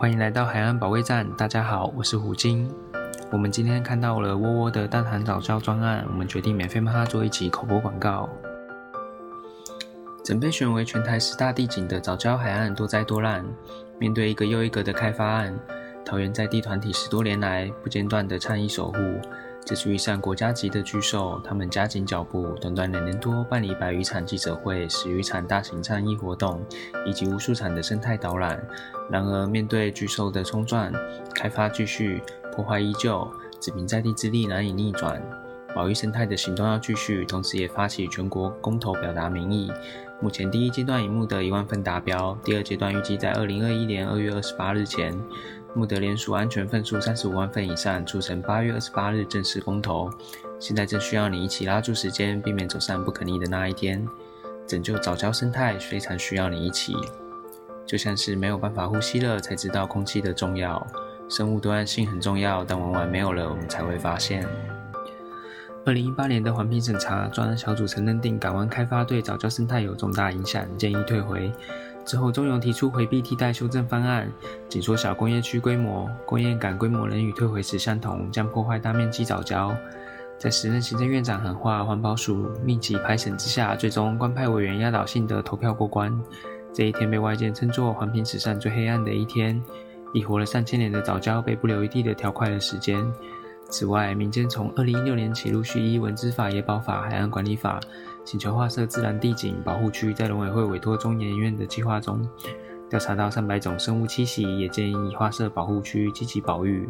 歡迎來到海岸保衛戰，大家好，我是虎鯨。我們今天看到了窩窩的大潭藻礁專案，我們決定免費幫他做一期口播廣告。曾被選為全台十大地景的藻礁海岸多災多難，面對一個又一個的開發案，桃園在地團體十多年來不間斷的倡議守護。這是遇上國家級的巨獸，他們加緊腳步，短短兩年多辦理百餘場記者會、十餘場大型倡議活動，以及無數場的生態導覽。然而，面對巨獸的衝撞，開發繼續，破壞依舊，只憑在地之力難以逆轉。保育生態的行動要繼續，同時也發起全國公投，表達民意。目前第一階段已募得一萬份達標，第二階段預計在二零二一年二月二十八日前，募得聯署安全份數三十五萬份以上，促成八月二十八日正式公投。現在正需要你一起拉住時間，避免走上不可逆的那一天，拯救藻礁生態，非常需要你一起。就像是沒有辦法呼吸了，才知道空氣的重要；生物多樣性很重要，但往往沒有了，我們才會發現。二零一八年的環評審查，專案小組曾認定港灣開發對藻礁生態有重大影響，建議退回。之後，中油提出迴避替代修正方案，僅縮小工業區規模，工業港規模仍與退回時相同，將破壞大面積藻礁。在時任行政院長喊話、環保署密集排審之下，最終官派委員壓倒性的投票過關。這一天被外界稱作環評史上最黑暗的一天。已活了上千年的藻礁被不留一地的調快了時間。此外，民間從二零一六年起陸續依《文資法》、《野保法》、《海岸管理法》，請求劃設自然地景保護區，在農委會委託中研院的計劃中，調查到三百種生物棲息，也建議劃設保護區積極保育。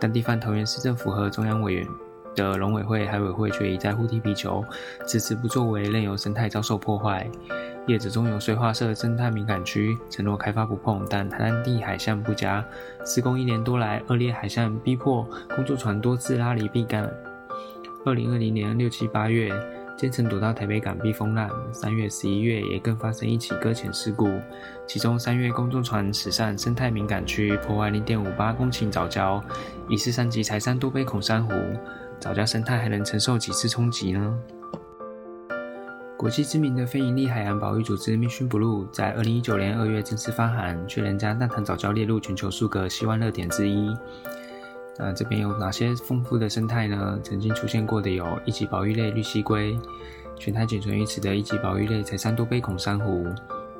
但地方桃園市政府和中央委員的農委會、海委會卻一再互踢皮球，遲遲不作為，任由生態遭受破壞。業者中油雖劃設生態敏感區，承諾開發不碰，但大潭地海象不佳，施工一年多來惡劣海象逼迫工作船多次拉離避干。二零二零年六七八月，全程躲到台北港避風浪；三月、十一月也更發生一起擱淺事故，其中三月工作船駛上生態敏感區，破壞零點五八公頃藻礁，疑似三級柴山多杯孔珊瑚，藻礁生態還能承受幾次衝擊呢？國際知名的非營利海洋保育組織 “Mission Blue” 在2019年2月正式發函，確認將大潭藻礁列入全球數個希望熱點之一。那、呃、這邊有哪些豐富的生態呢？曾經出現過的有一級保育類綠蠵龜、全台僅存於此的一級保育類柴山多杯孔珊瑚，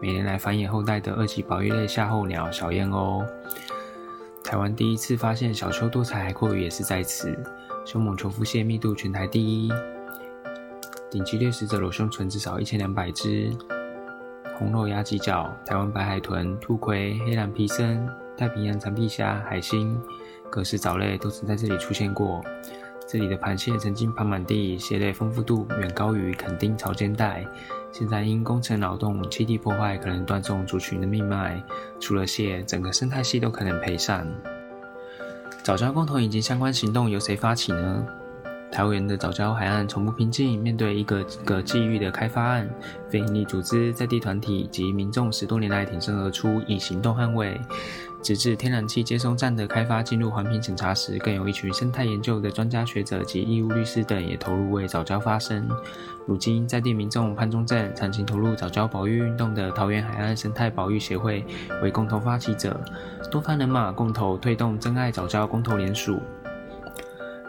每年來繁衍後代的二級保育類夏候鳥小燕鷗。台灣第一次發現小疣多彩海葵也是在此。兇猛酋婦蟹密度全台第一。頂級掠食者裸胸鯙至少一千兩百隻，紅肉丫髻鮫、台灣白海豚、兔葵、黑藍皮參、太平洋長臂蝦、海星、各式藻類都曾在這裡出現過。這裡的螃蟹曾經爬滿地，蟹類豐富度遠高於墾丁潮間帶。現在因工程勞動、棲地破壞，可能斷送族群的命脈。除了蟹，整個生態系都可能賠上。藻礁公投以及相關行動由誰發起呢？桃園的藻礁海岸從不平靜，面對一個一個際遇的開發案，非營利組織、在地團體及民眾十多年來挺身而出，以行動捍衛。直至天然氣接收站的開發進入環評審查時，更有一群生態研究的專家學者及義務律師等也投入為藻礁發聲。如今，在地民眾、潘中正長期投入藻礁保育運動的桃園海岸生態保育協會為共同發起者，多方人馬共同推動珍愛藻礁公投聯署。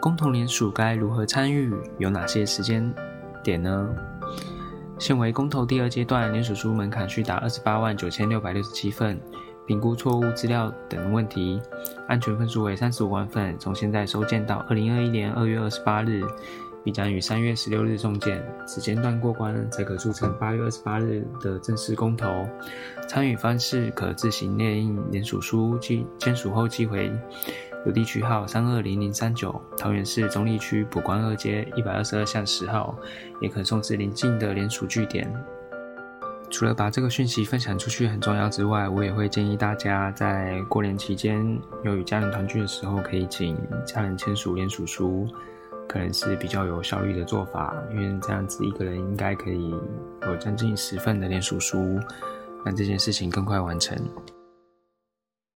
公投聯署該如何參與？有哪些時間點呢？現為公投第二階段，聯署書門檻需達二十八萬九千六百六十七份，評估錯誤資料等問題，安全分數為三十五萬份。從現在收件到二零二一年二月二十八日，必將於三月十六日送件，時間段過關才可促成八月二十八日的正式公投。參與方式可自行列印聯署書，簽署後寄回。有地區號三二零零三九，桃園市中壢區埔關二街一百二十二巷十號，也可送至鄰近的聯署據點。除了把這個訊息分享出去很重要之外，我也會建議大家在過年期間有與家人團聚的時候，可以請家人簽署聯署書，可能是比較有效率的做法，因為這樣子一個人應該可以有將近十份的聯署書，讓這件事情更快完成。